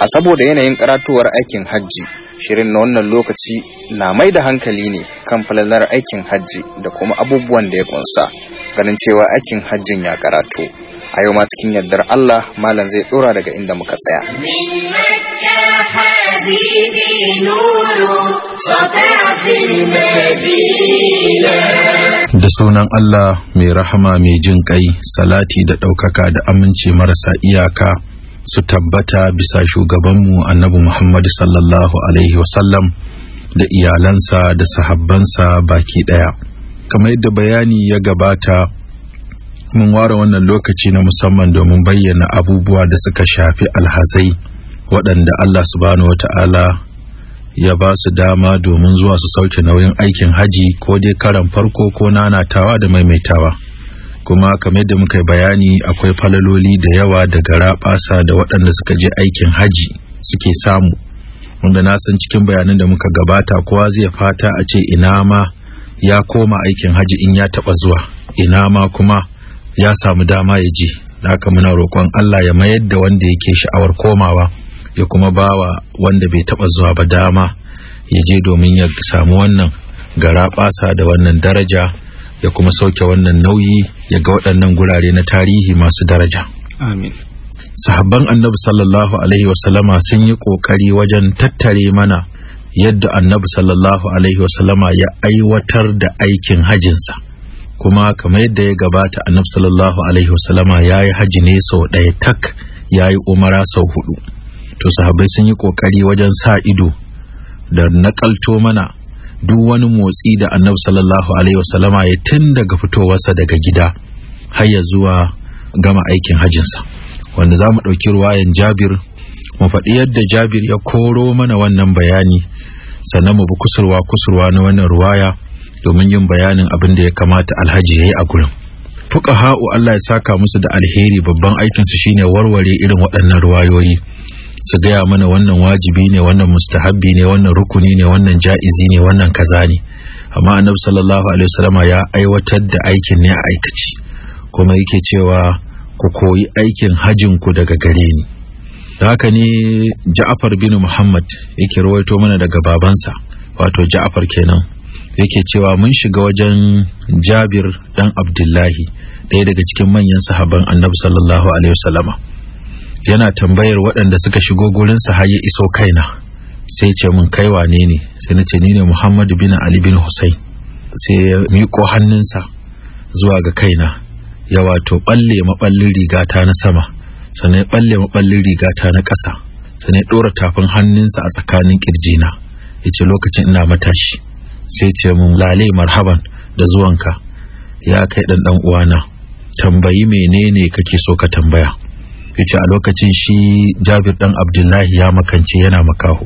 A saboda yanayin karatuwar aikin hajji, shirin na wannan lokaci na mai da hankali ne kan falalar aikin hajji da kuma abubuwan da ya kunsa, ganin cewa aikin hajjin ya karatu. a yau ma cikin yardar Allah malam zai dora daga inda muka tsaya da sunan Allah mai rahama mai jin kai salati da ɗaukaka da amince marasa iyaka su tabbata bisa shugabanmu annabi Muhammad sallallahu alaihi wasallam da iyalansa da sahabbansa baki ɗaya kamar yadda bayani ya gabata mun ware wannan lokaci na musamman domin bayyana abubuwa da suka shafi alhazai waɗanda Allah subhanahu wata'ala ya ba su dama domin zuwa su sauke nauyin aikin haji ko dai karan farko ko nanatawa da maimaitawa kuma kamar yadda muka bayani akwai falaloli da yawa daga raɓasa da waɗanda suka je aikin haji suke samu wanda na san cikin bayanan da muka gabata kowa zai fata a ce ina ma ya koma aikin haji in ya taɓa zuwa ina ma kuma ya samu dama ya ji haka muna roƙon Allah ya mayar da wanda yake sha'awar komawa ya kuma bawa wanda bai taɓa zuwa ba dama ya je domin ya samu wannan gara ɓasa da wannan daraja ya kuma sauke wannan nauyi ya ga waɗannan gurare na tarihi masu daraja amin sahabban annabi sallallahu alaihi wasallama sun yi ƙoƙari wajen tattare mana yadda annabi sallallahu alaihi wasallama ya aiwatar da aikin hajinsa kuma kamar yadda ya gabata annabi sallallahu alaihi wasallama ya haji ne sau ɗaya tak yayi umara sau hudu to sahabbai sun yi kokari wajen sa ido da nakalto mana duk wani motsi da annabi sallallahu alaihi wasallama ya tun daga fitowarsa daga gida har ya zuwa gama aikin hajinsa wanda za mu ɗauki ruwayan jabir mu faɗi yadda jabir ya koro mana wannan bayani sannan mu bi kusurwa kusurwa na wannan ruwaya domin yin bayanin abin da ya kamata alhaji ya yi a gurin Fuka ha'u Allah ya saka musu da alheri babban aikinsu shine warware irin waɗannan ruwayoyi su gaya mana wannan wajibi ne wannan mustahabbi ne wannan rukuni ne wannan ja'izi ne wannan kaza ne amma annabi sallallahu alaihi wasallama ya aiwatar da aikin ne a aikaci kuma yake cewa ku koyi aikin hajin ku daga gare ni da haka ne Ja'far bin Muhammad yake rawaito mana daga babansa wato Ja'far kenan yake cewa mun shiga wajen jabir dan abdullahi ɗaya daga cikin manyan sahaban annabi sallallahu alaihi wasallama yana tambayar waɗanda suka shigo gurin sa har ya iso kaina sai ce mun kai wane ne sai nace ni ne Muhammad bin Ali bin Hussein sai ya miƙo hannunsa zuwa ga kaina ya wato balle maballin rigata na sama sannan ya balle maballin rigata na ƙasa sannan ya ɗora tafin hannunsa a tsakanin ƙirjina ya ce lokacin ina matashi sai ce mun lale marhaban da zuwanka ya kai dan dan uwana tambayi menene kake so ka tambaya yace a lokacin shi Jabir dan Abdullahi ya makance yana makaho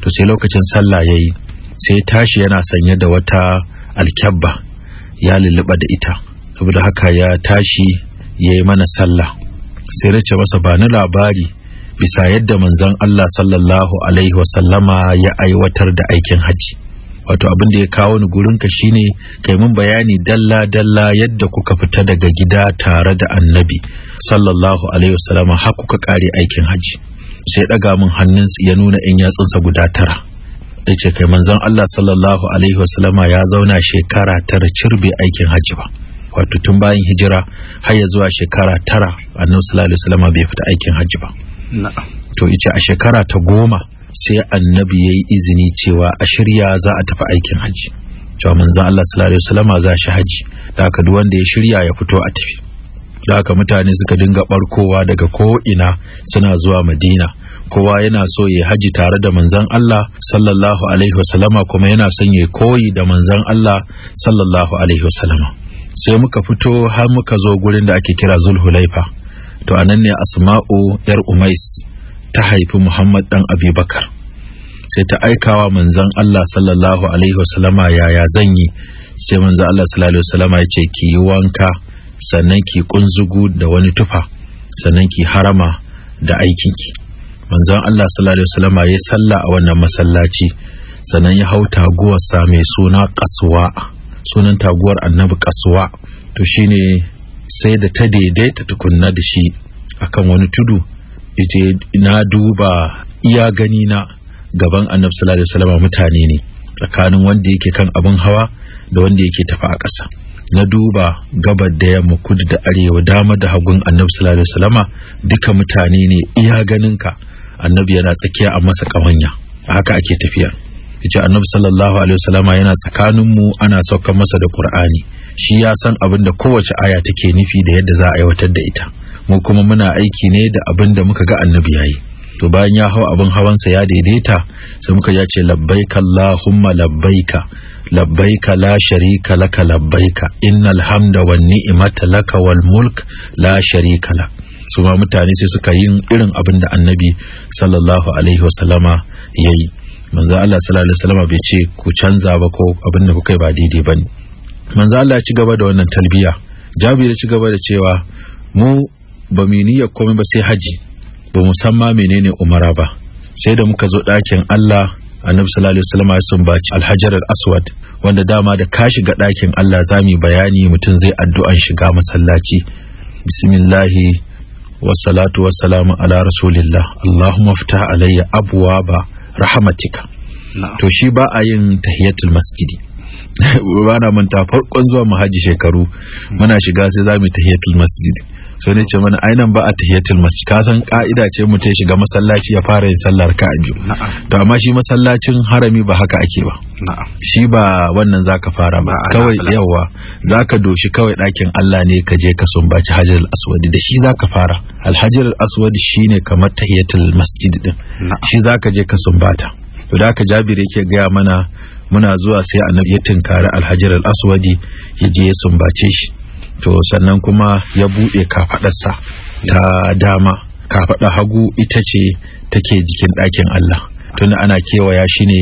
to sai lokacin sallah yayi sai tashi yana sanye da wata alkyabba ya lulluba da ita saboda haka ya tashi yayi mana sallah sai race masa ba ni labari bisa yadda manzon Allah sallallahu alaihi wasallama ya aiwatar da aikin haji wato abin da ya kawo ni gurin ka shine kai mun bayani dalla dalla yadda kuka fita daga gida tare da annabi sallallahu alaihi wasallam har kuka kare aikin haji sai daga mun hannun ya nuna in yatsunsa guda tara yace kai manzon Allah sallallahu alaihi wasallama ya zauna shekara tara cirbe aikin haji ba wato tun bayan hijira har ya zuwa shekara tara annabi sallallahu alaihi wasallama bai fita aikin haji ba to yace a shekara ta goma sai annabi ya yi izini cewa a shirya za a tafi aikin hajji cewa manzon Allah sallallahu alaihi wasallama za shi hajji da haka duk wanda ya shirya ya fito a tafi da haka mutane suka dinga barkowa daga ko ina suna zuwa Madina kowa yana so ya haji tare da manzon Allah sallallahu alaihi wasallama kuma yana son ya koyi da manzon Allah sallallahu alaihi wasallama sai muka fito har muka zo gurin da ake kira Zulhulaifa to anan ne Asma'u yar Umais ta haifi Muhammad ɗan Abubakar. sai ta aikawa manzon Allah sallallahu alaihi wasallama yaya zan yi sai manzon Allah sallallahu alaihi wasallama ya ce ki yi wanka sannan ki kunzugu da wani tufa sannan ki harama da aikinki manzon Allah sallallahu alaihi wasallama ya salla a wannan masallaci sannan ya hau taguwarsa mai suna kasuwa sunan taguwar annabi kasuwa to shine sai da ta daidaita tukunna da shi akan wani tudu Fice na duba iya gani na gaban annabi sallallahu alaihi mutane ne tsakanin wanda yake kan abin hawa da wanda yake tafi a ƙasa na duba gabar da yamma kudu da arewa dama da hagun annabi sallallahu alaihi duka mutane ne iya ganinka annabi yana tsakiya a masa kawanya haka ake tafiya yace annabi sallallahu alaihi wasallama yana tsakanin mu ana saukar masa da qur'ani shi ya san abin da kowace aya take nufi da yadda za a aiwatar da ita mu kuma muna aiki ne da abin da muka ga annabi yayi to bayan ya hau abin hawan sa ya daidaita sai muka ya ce labbaika allahumma labbaika labbaika la sharika laka labbaika innal hamda wan ni'mata laka wal mulk la sharika la su ma mutane sai suka yin irin abin da annabi sallallahu alaihi wasallama yayi manzo Allah sallallahu alaihi wasallama bai ce ku canza ba ko abin da kuka ba daidai bane manzo Allah ya ci gaba da wannan talbiya Jabir ya ci gaba da cewa mu ba mu niyya komai ba sai haji ba mu san ma menene umara ba sai da muka zo ɗakin Allah annabi sallallahu alaihi wasallam ya sumbaci Al-Hajar al-aswad wanda dama da ka shiga ɗakin Allah zamu bayani mutum zai addu'an shiga masallaci bismillahi wassalatu wassalamu ala rasulillah allahumma mafita alayya abwaba rahmatika to shi ba a yin tahiyatul masjidi Bana manta farkon zuwa mu haji shekaru hmm. muna shiga sai mu tahiyatul masjidi sai ne ce mana ainan ba a tahiyatul masjid ka san ka'ida ce mu ta shiga masallaci ya fara yin sallar ka biyu to amma shi masallacin harami ba haka ake ba shi ba wannan zaka fara ba kawai yawa zaka doshi kawai dakin Allah ne ka je ka sumbaci hajar Al-Aswadi. da shi zaka fara alhajar aswad shine kamar tahiyatul masjid din shi zaka je ka sumbata to da ka jabir yake gaya mana muna zuwa sai annabi ya tinkari alhajar aswadi ya ya sumbace shi to sannan kuma ya buɗe kafaɗarsa ta dama kafaɗa hagu ita ce take jikin ɗakin Allah tunda ana kewaya shi ne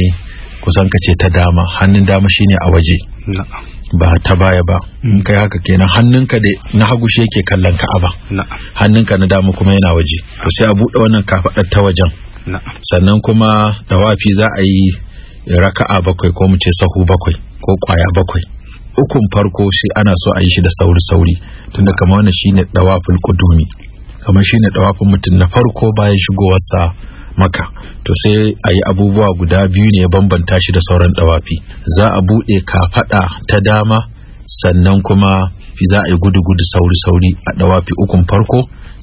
kusan kace ta dama hannun dama shine a waje ba ta baya ba mm. kai haka kenan hannunka da na hagu shi yake kallon ba. hannunka na dama kuma yana waje to sai a buɗe wannan kafaɗar ta wajen sannan kuma dawafi za a yi raka'a bakwai ko mu ce sahu bakwai ko kwaya bakwai ukun farko shi ana so a yi shi da sauri-sauri tunda kama wannan shine dawaful kudumi kamar shine dawafin mutum na farko bayan shigowarsa maka to sai ayi abubuwa guda biyu ne ya bambanta shi da sauran dawafi za a buɗe kafaɗa ta dama sannan kuma za a yi gudu-gudu sauri-sauri a dawafi ukun farko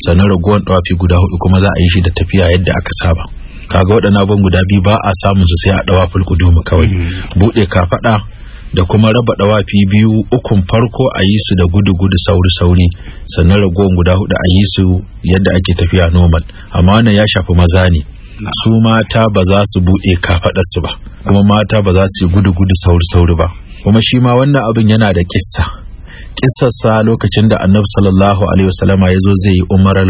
sannan ragowar dawafi guda hudu kuma za a yi shi da tafiya yadda aka saba kaga waɗannan abin guda biyu ba a samun su sai a dawaful kudumi kawai mm. buɗe kafaɗa da kuma raba dawafi biyu ukun farko a yi su da gudu-gudu sauri-sauri sannan ragowar guda hudu a yi su yadda ake tafiya normal amma wannan ya shafi maza ne su mata ba za su buɗe kafaɗarsu ba kuma mata ba za su yi gudu-gudu sauri-sauri ba kuma shi ma wannan abin yana da kissa kissarsa lokacin da annabi sallallahu alaihi wasallama ya zo zai yi umarar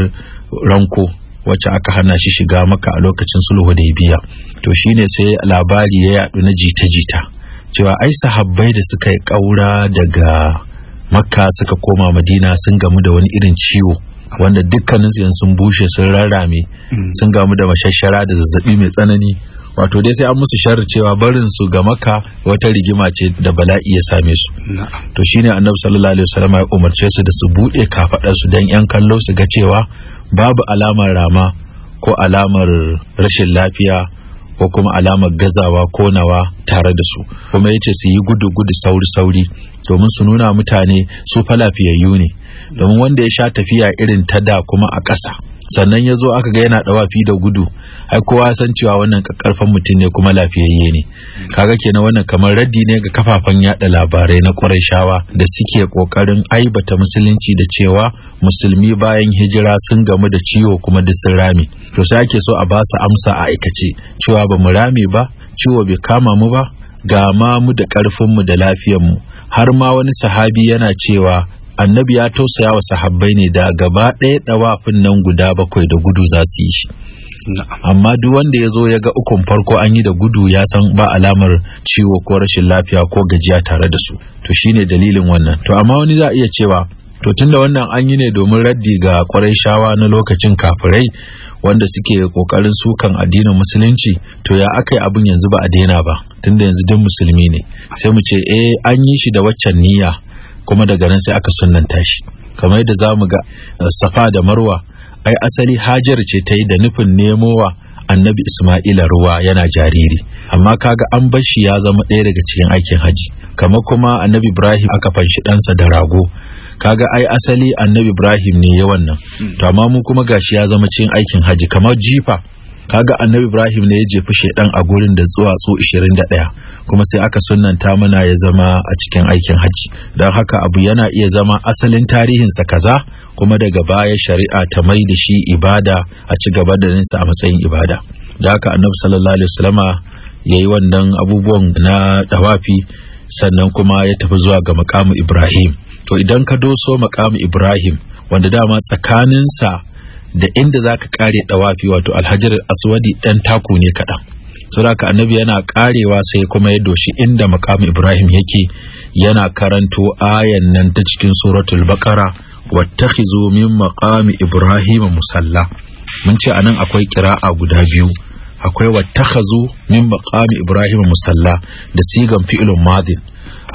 ranko wacce aka hana shi shiga maka a lokacin sulhu da biya to shine sai labari ya yadu na jita-jita cewa ai sahabbai da suka yi ƙaura daga makka suka koma madina sun gamu da wani irin ciwo wanda dukkanin tsayin sun bushe sun rarrame mm. sun gamu da mashashara da zazzabi mai tsanani wato dai sai an musu sharar cewa barin su ga Makka wata rigima ce da bala'i ya same su to shine annabi sallallahu alaihi wasallam ya umarce su da su bude kafadar su dan yan kallo su ga cewa babu alamar rama ko alamar rashin lafiya ko kuma alamar gazawa konawa tare da su kuma yace su yi gudu gudu sauri sauri domin su nuna mutane su fa lafiyayyu ne domin wanda ya sha tafiya irin ta da kuma a ƙasa sannan ya zo aka ga yana dawafi da gudu ai kowa san cewa wannan karfan mutum ne kuma lafiyayye ne kaga kenan wannan kamar raddi ne ga kafafan yada labarai na Qurayshawa da suke kokarin aibata musulunci da cewa musulmi bayan hijira sun gamu da ciwo kuma duk sun rame to sai ake so a ba su amsa a aikace cewa ba mu rame ba ciwo bai kama mu ba ga ma mu da karfin mu da lafiyar mu har ma wani sahabi yana cewa annabi ya tausaya wa sahabbai ne da gaba ɗaya ɗawafin nan guda bakwai da gudu za su yi shi amma duk wanda ya zo ya ga ukun farko an yi da gudu ya san ba alamar ciwo ko rashin lafiya ko gajiya tare da su to shine dalilin wannan to amma wani za a iya cewa to tunda wannan an yi ne domin raddi ga kwarai shawa na lokacin kafirai wanda suke kokarin sukan addinin musulunci to ya aka yi abin yanzu ba a daina ba tunda yanzu duk musulmi ne sai mu ce eh an yi shi da waccan niyya kuma daga nan sai aka sunnanta shi kamar yadda za mu ga eh, safa da marwa ai asali hajar ce ta yi da nufin nemowa annabi isma'ila ruwa yana jariri amma kaga an bar shi ya zama ɗaya daga cikin aikin haji kamar kuma annabi ibrahim aka fanshi ɗansa da rago kaga ai asali annabi ibrahim ne ya wannan hmm. to amma mu kuma gashi ya zama cikin aikin haji kamar jifa kaga annabi ibrahim ne ya jefi shaidan a gurin da zuwa su 21 kuma sai aka sunnanta mana ya zama a cikin aikin hajji don haka abu yana iya zama asalin tarihinsa kaza kuma daga baya shari'a ta mai da shi ibada a ci gaba da ninsa a matsayin ibada da haka annabi sallallahu alaihi wasallama ya yi wannan abubuwan na dawafi sannan kuma ya tafi zuwa ga makamu ibrahim to idan ka doso makamu ibrahim wanda dama tsakaninsa da inda za ka kare dawafi wato alhajar aswadi dan taku ne kaɗan saboda annabi yana karewa sai kuma ya doshi inda makamu ibrahim yake yana karanto ayan nan ta cikin suratul baqara wattakhizu min maqami ibrahim musalla mun ce anan akwai kira'a guda biyu akwai wattakhizu min maqami ibrahim musalla da sigan fi'ilun madin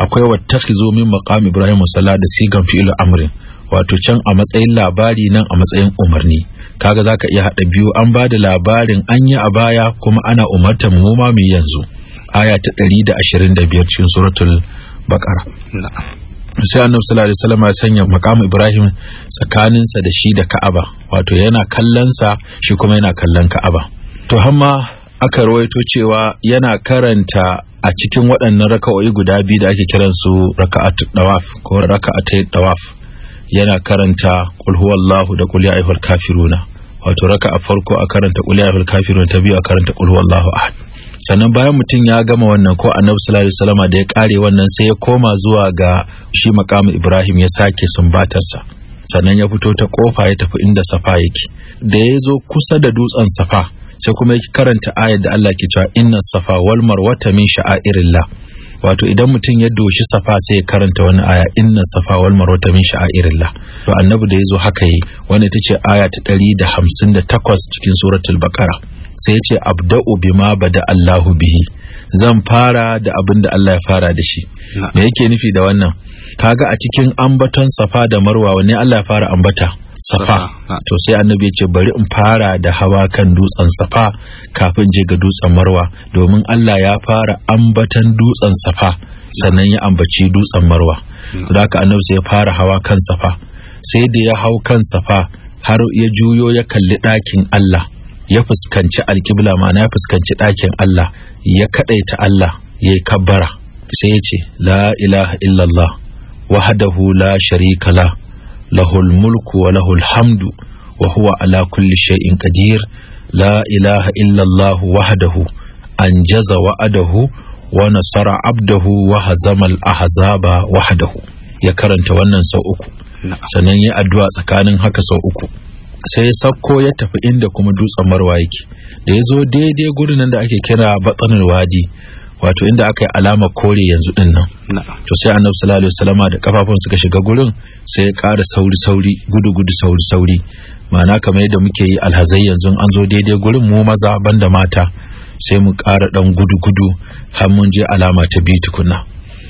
akwai wattakhizu min maqami ibrahim musalla da sigan fi'ilun amrin wato can a matsayin labari nan a matsayin umarni kaga zaka iya haɗa biyu an ba da labarin an yi a baya kuma ana umartar mu ma mu yanzu aya ta 125 cikin suratul baqara sai annabi sallallahu alaihi wasallam ya sanya makamu ibrahim tsakaninsa da shi da ka'aba wato yana kallon sa shi kuma yana kallon ka'aba to hamma aka rawaito cewa yana karanta a cikin waɗannan raka'o'i guda biyu da ake kiransu raka'atul dawaf ko raka'atul dawaf yana karanta kul huwallahu da kul ya ayyuhal kafiruna wato raka a farko a karanta kul ya ayyuhal kafiruna ta biyu a karanta kul huwallahu ahad sannan bayan mutum ya gama wannan ko annabi sallallahu alaihi wasallama da ya kare wannan sai ya koma zuwa ga shi makamu ibrahim ya sake sumbatarsa sannan ya fito ta kofa ya tafi inda safa yake da ya zo kusa da dutsen safa sai kuma ya karanta ayar da Allah ke cewa inna safa wal marwata min sha'airillah wato idan mutum ya doshi safa sai ya karanta wani aya inna safa wal marwata min sha'airillah to annabi da yazo haka yi wanda tace aya ta 158 cikin suratul baqara sai ya ce abda'u bima bada Allahu bihi zan fara da abin da Allah ya fara da shi me yake nufi da wannan kaga a cikin ambaton safa da marwa wanne Allah ya fara ambata safa to sai annabi ya ce bari in fara da hawa kan dutsen safa kafin je ga dutsen marwa domin Allah ya fara ambatan dutsen safa sannan ya ambaci dutsen marwa hmm. da haka annabi sai ya fara hawa kan safa sai da ya hau kan safa har ya juyo ya kalli ɗakin Allah ya fuskanci alkibla ma'ana ya fuskanci ɗakin Allah ya kaɗaita Allah ya yi kabbara sai ya ce la ilaha illallah wahadahu la sharika la lahul mulku wa lahul hamdu wa huwa ala kulli shay'in qadir la ilaha illa Allah wahdahu anjaza wa'adahu wa nasara abdahu wa hazama al-ahzaba wahdahu ya karanta wannan sau uku sannan ya addu'a tsakanin haka sau uku sai ya sakko ya tafi inda kuma dutsen marwa yake da ya zo daidai gurin da ake kira batsanin wadi wato inda aka yi alama kore yanzu din nan to sai annabi sallallahu alaihi wasallama da kafafun suka shiga gurin sai ya ƙara sauri sauri gudu gudu sauri sauri ma'ana kamar yadda muke yi alhazai yanzu an zo daidai gurin mu maza banda mata sai mu ƙara dan gudu gudu har mun je alama ta biyu tukunna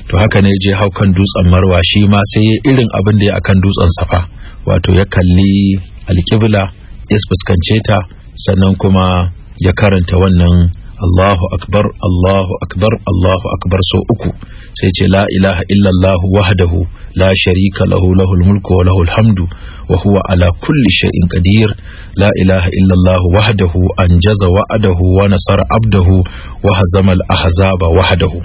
to haka ne je hau kan dutsen marwa shi ma sai ya irin abin da ya akan dutsen safa wato ya kalli alkibla ya fuskance ta sannan kuma ya karanta wannan Allahu akbar Allahu akbar Allahu akbar sau uku sai ce la ilaha illallah wahdahu la sharika lahu lahul mulku wa lahul hamdu wa huwa ala kulli shay'in qadir la ilaha illallah wahdahu anjaza wa'adahu wa nasara abdahu wa hazama al ahzaba wahdahu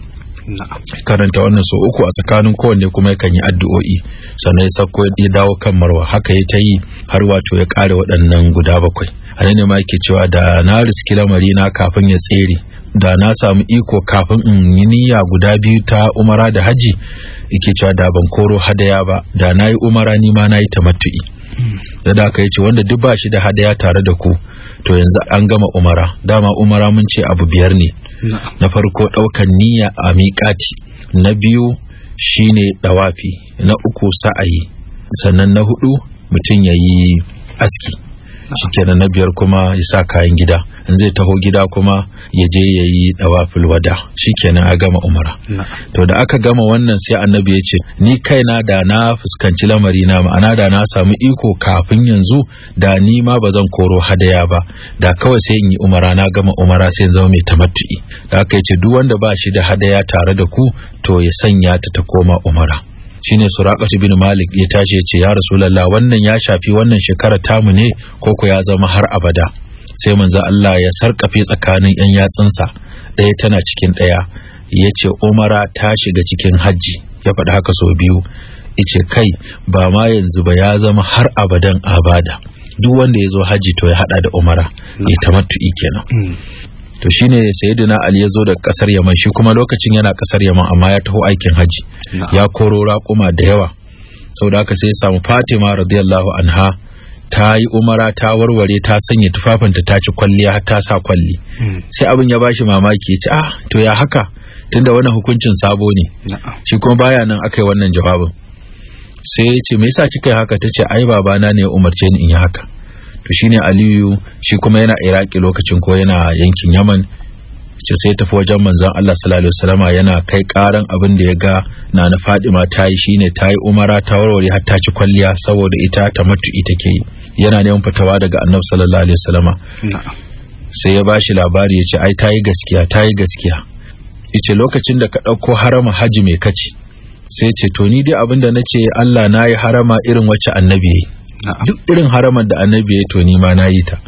karanta wannan so uku a tsakanin kowanne kuma yakan yi addu'o'i sannan ya sako ya dawo kan marwa haka ya ta yi har wato ya kare waɗannan guda bakwai a ne ma yake cewa da na riski lamari na kafin ya tsere da na samu iko kafin in yi niyya guda biyu ta umara da haji yake cewa da ban koro hadaya ba da na yi umara ni ma na yi tamattu'i da da aka ce wanda duk ba shi da hadaya tare da ku to yanzu an gama umara dama umara mun ce abu biyar ne na farko ɗaukan niyya a miƙati na biyu shine ɗawafi na uku sa'ayi sannan na hudu mutum ya yi aski shikenan na biyar kuma ya sa kayan gida in zai taho gida kuma ya je ya yi dawafil wada shikenan a gama umara to da aka gama wannan sai annabi ya ce ni kaina da na fuskanci lamari na ma'ana da na samu iko kafin yanzu da ni ma ba zan koro hadaya ba da kawai sai in yi umara na gama umara sai zama mai tamattu'i da aka ce duk wanda ba shi da hadaya tare da ku to ya sanya ta ta koma umara shine surakatu bin malik ya tashi ya ce ya rasulullah wannan ya shafi wannan shekara tamu ne ko ku ya zama har abada sai manzo Allah ya sarkafe tsakanin yan yatsunsa ɗaya tana cikin ɗaya ya ce umara ta shiga cikin hajji ya faɗi haka sau biyu ice kai ba ma yanzu ba ya zama har abadan abada duk wanda ya zo hajji to ya hada da umara ya tamattu'i kenan hmm. to shine sayyidina ali ya zo da kasar yaman shi kuma lokacin yana kasar yaman amma ya taho aikin haji ya koro raƙuma da yawa saboda haka sai ya samu fatima radiyallahu anha ta yi umara ta warware ta sanya tufafinta ta ci kwalliya har ta sa kwalli hmm. sai abin ya bashi mamaki ya ce ah to ya haka tunda wannan hukuncin sabo ne shi kuma baya nan aka yi wannan jawabin sai ya ce me yasa kika yi haka ce ai babana ne ya umarce ni in yi haka to shine aliyu shi kuma yana iraki lokacin ko yana yankin yaman ce sai tafi wajen manzon Allah sallallahu alaihi wasallama yana kai karan abin da ya ga na na Fadima ta yi shine ta yi umara ta warware har ta ci kwalliya saboda ita ta mutu ita ke yana neman fitawa daga Annabi sallallahu alaihi wasallama sai ya bashi labari ya ce ai ta yi gaskiya ta yi gaskiya yace lokacin da ka ɗauko harama haji mai kaci sai ce to ni dai abin da na ce Allah na yi harama irin wacce annabi ya duk irin haramar da annabi ya to ma na yi ta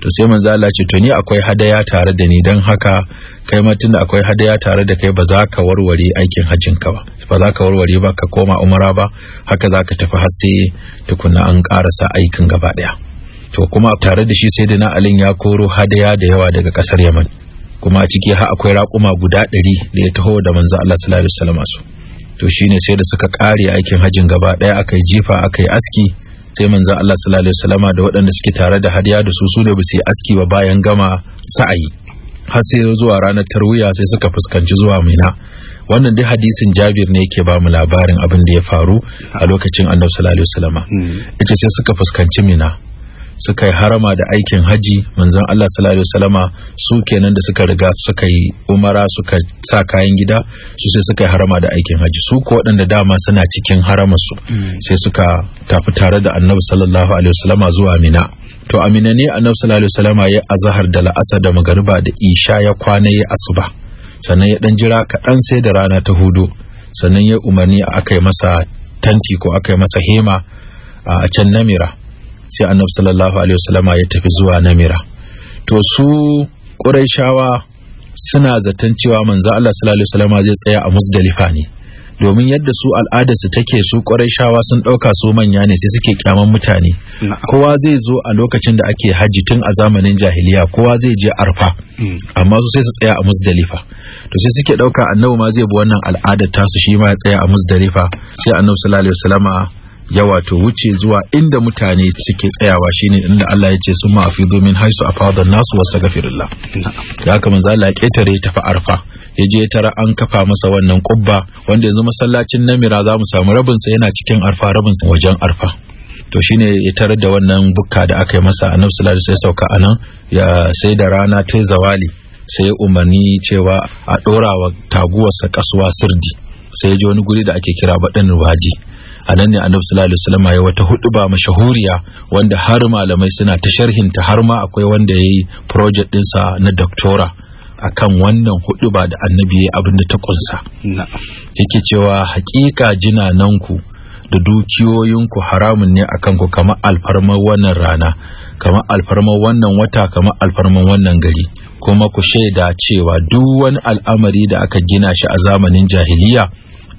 to sai manzo Allah ce to ni akwai hadaya tare da ni dan haka kai ma tunda akwai hadaya tare da kai ba za ka warware aikin hajjin ka ba ba za ka warware ba ka koma umara ba haka za ka tafi har sai tukunna an karasa aikin gaba daya to kuma tare da shi sai da na alin ya koro hadaya da yawa daga kasar yaman kuma a ciki har akwai raƙuma guda ɗari da ya taho da manzo Allah sallallahu alaihi wasallam to shine sai da suka kare aikin hajjin gaba ɗaya aka yi jifa aka yi aski sai manzo Allah sallallahu alaihi wasallama da waɗanda suke tare da hadiya da su su ne basu yi aski ba bayan gama sa'ayi har sai zuwa ranar tarwiya sai suka fuskanci zuwa mina wannan dai hadisin Jabir ne yake ba mu labarin abin da ya faru a lokacin Annabi sallallahu alaihi wasallama ita hmm. sai suka fuskanci mina suka yi harama da aikin haji manzon Allah sallallahu alaihi wasallama su kenan da suka riga suka yi umara suka sa kayan gida su sai suka yi harama da aikin haji su ko waɗanda dama suna cikin haramar su hmm. sai suka tafi tare da annabi sallallahu alaihi wasallama zuwa mina to amina ne annabi sallallahu alaihi wasallama ya azhar da la'asar da magariba da isha ya kwana ya asuba sannan ya dan jira kaɗan sai da rana ta hudu sannan ya umarni aka masa tanti ko aka yi masa hema a can namira sai annabi sallallahu alaihi wasallama ya tafi zuwa namira to su ƙurayshawa suna zaton cewa manzo Allah sallallahu alaihi wasallama zai tsaya a musdalifa ne domin yadda su al'ada al'adarsu take su ƙwarai sun ɗauka su manya ne sai suke kyaman mutane kowa zai zo a lokacin da ake hajji tun a zamanin jahiliya kowa zai je arfa hmm. amma su sai su tsaya a musdalifa to sai suke ɗauka annabi ma zai bi wannan al'adar tasu shi ma ya tsaya a musdalifa sai annabi sallallahu alaihi wasallama ya wato wuce zuwa inda mutane suke tsayawa shine inda Allah ya ce sun mafi min haisu a fadon nasu wasu gafirillah da Ya manzo ya ketare ta tafi arfa ya je tara an kafa masa wannan kubba wanda yanzu masallacin namira za mu samu rabinsa yana cikin arfa rabinsa wajen arfa to shine ya tarar da wannan bukka da aka yi masa a sallallahu alaihi sai sauka anan ya sai da rana ta zawali sai umarni cewa a dora wa taguwarsa kasuwa sirdi sai ya je wani guri da ake kira baɗin waji a nan ne annabi sallallahu alaihi wasallam ya wata huduba mashahuriya wanda har malamai suna ta sharhinta har ma akwai wanda ya yayi project ɗinsa na doctora akan wannan huduba da annabi ya abin da ta kunsa yake cewa hakika jinananku da dukiyoyinku haramun ne akan ku kama alfarmar wannan rana kama alfarmar wannan wata kama alfarmar wannan gari kuma ku shaida cewa duk wani al'amari da aka gina shi a zamanin jahiliya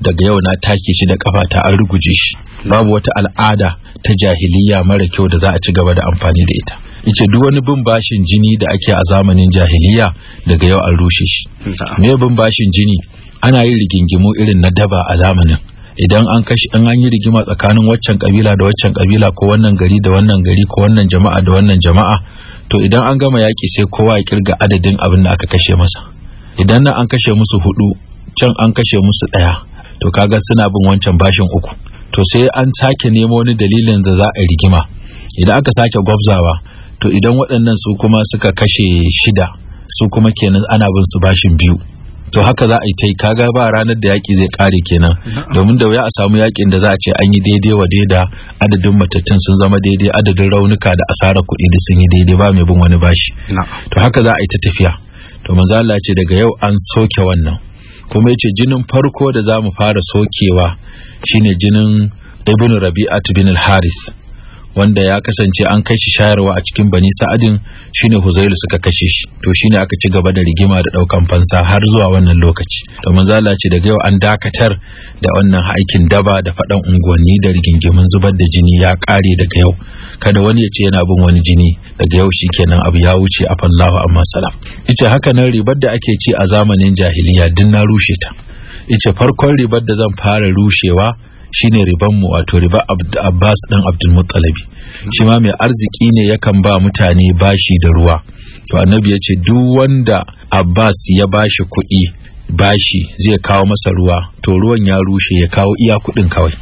daga yau na take shi da kafa ta an ruguje shi babu wata al'ada ta jahiliya mara kyau da za a ci gaba da amfani da ita yace duk wani bin bashin jini da ake a zamanin jahiliya daga yau an rushe shi me bin bashin jini ana yin rigingimu irin na daba a zamanin idan an kashi an an yi rigima tsakanin waccan kabila da waccan kabila ko wannan gari da wannan gari ko wannan jama'a da wannan jama'a to idan an gama yaki sai kowa ya kirga adadin abin da aka kashe masa idan nan an kashe musu hudu can an kashe musu daya to kaga suna bin wancan bashin uku to sai an sake nemo wani dalilin da za a rigima idan aka sake gwabzawa to idan waɗannan su kuma suka kashe shida su kuma kenan ana bin su bashin biyu to haka za a yi ta kaga ba ranar da yaƙi zai ƙare kenan domin da wuya a samu yaƙin da za a ce an yi daidai wa daida adadin matattun sun zama daidai adadin raunuka da asarar kuɗi da sun yi daidai ba mai bin wani bashi to haka za a yi ta tafiya to manzo Allah ce daga yau an soke wannan kuma yace jinin farko da za mu fara sokewa shine jinin ibn rabi'at bin al haris wanda ya kasance an kai shi shayarwa a cikin bani sa'adin shine huzailu suka kashe shi to shine aka ci gaba da rigima da daukan fansa har zuwa wannan lokaci to manzala ce daga yau an dakatar da wannan aikin daba da faɗan unguwanni da rigingimin zubar da jini ya kare daga yau kada wani ya ce yana bin wani jini daga yau shikenan abu ya wuce a fallahu amma salaf ita haka nan ribar da ake ci a zamanin jahiliya din na rushe ta ita farkon ribar da zan fara rushewa shine riban mu wato riba Abbas dan Abdul Muttalibi shi ma mai arziki ne yakan ba mutane bashi da ruwa to annabi ya ce duk wanda Abbas ya bashi kuɗi bashi zai kawo masa ruwa to ruwan ya rushe ya kawo iya kuɗin kawai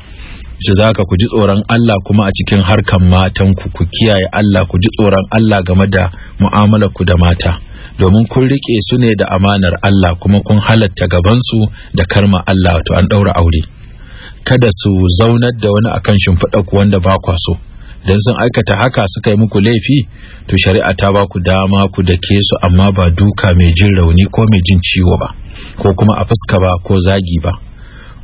shi za ka ku ji tsoron Allah kuma a cikin harkan matanku ku kiyaye Allah ku ji tsoron Allah game da mu'amalar ku da mata domin kun rike su ne da amanar Allah kuma kun halatta gabansu da karma Allah to an ɗaura aure kada su zaunar da wani akan shimfiɗa ku wanda ba kwa so dan sun aikata haka suka yi muku laifi to shari'a ta ba ku dama ku dake su amma ba duka mai jin rauni ko mai jin ciwo ba ko kuma a fuska ba ko zagi ba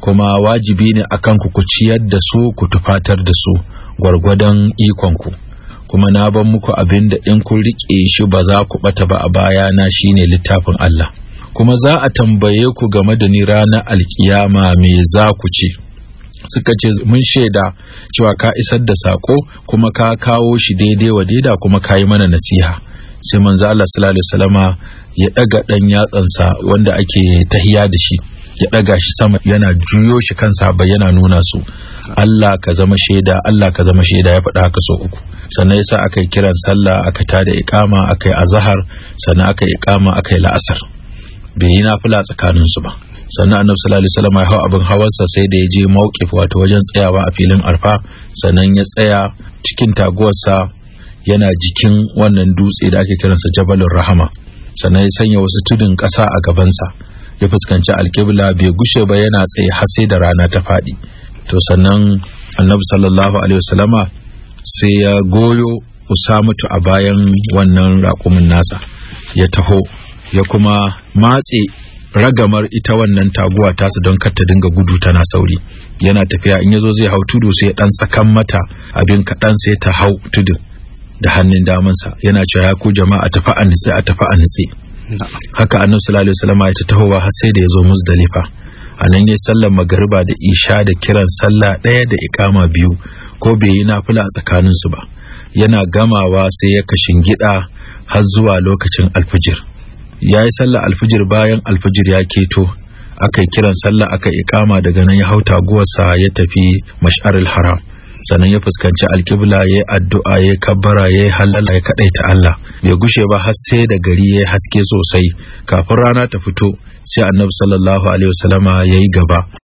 kuma wajibi ne akan ku ku ciyar da su ku tufatar da su gwargwadon ikon ku kuma na ban muku abin da in kun riƙe shi ba za ku bata ba a baya na shine littafin Allah kuma za a tambaye ku game da ni ranar alkiyama me za ku ce suka ce mun shaida cewa ka isar da sako kuma ka kawo shi daidai wa daida kuma ka yi mana nasiha sai manzo Allah sallallahu alaihi wasallama ya daga dan yatsansa wanda ake tahiya da shi ya daga shi sama yana juyo shi kansa bai yana nuna su Allah ka zama shaida Allah ka zama shaida ya faɗa haka so uku sannan yasa aka yi kiran sallah aka tada iqama aka yi azhar sannan aka yi iqama aka yi la'asar bai yi nafila tsakaninsu ba sannan annabi sallallahu alaihi wasallam ya hau abin hawarsa sai da ya je mawqif wato wajen tsayawa a filin arfa sannan ya tsaya cikin taguwarsa yana jikin wannan dutse da ake kiransa jabalin rahama sannan ya sanya wasu tudun ƙasa a gabansa ya fuskanci alƙibla bai gushe ba yana tsaye har sai da rana ta faɗi to sannan annabi sallallahu alaihi wasallama sai ya goyo usamatu a bayan wannan raƙumin nasa ya taho ya kuma matse ragamar ita wannan taguwa tasu don kar ta dinga gudu tana sauri yana tafiya in yazo zai hau tudu sai ya dan sakan mata abin kaɗan sai ta hau tudu da hannun damansa yana cewa ya ku jama'a tafi a nitsi a tafi a nitsi haka annabi sallallahu alaihi wasallam ya tahowa har sai da yazo muzdalifa a nan ya sallar magariba da isha da kiran sallah ɗaya da ikama biyu ko bai yi nafila a tsakaninsu ba yana gamawa sai ya kashin gida har zuwa lokacin alfijir ya yi sallah alfijir bayan alfijir ya keto aka yi kiran sallah aka ikama daga nan ya hau taguwarsa ya tafi mash'aril haram sannan ya fuskanci alkibla ya yi addu'a ya kabbara ya yi halala ya ta Allah bai gushe ba har sai da gari ya haske sosai kafin rana ta fito sai annabi sallallahu alaihi wasallama ya yi gaba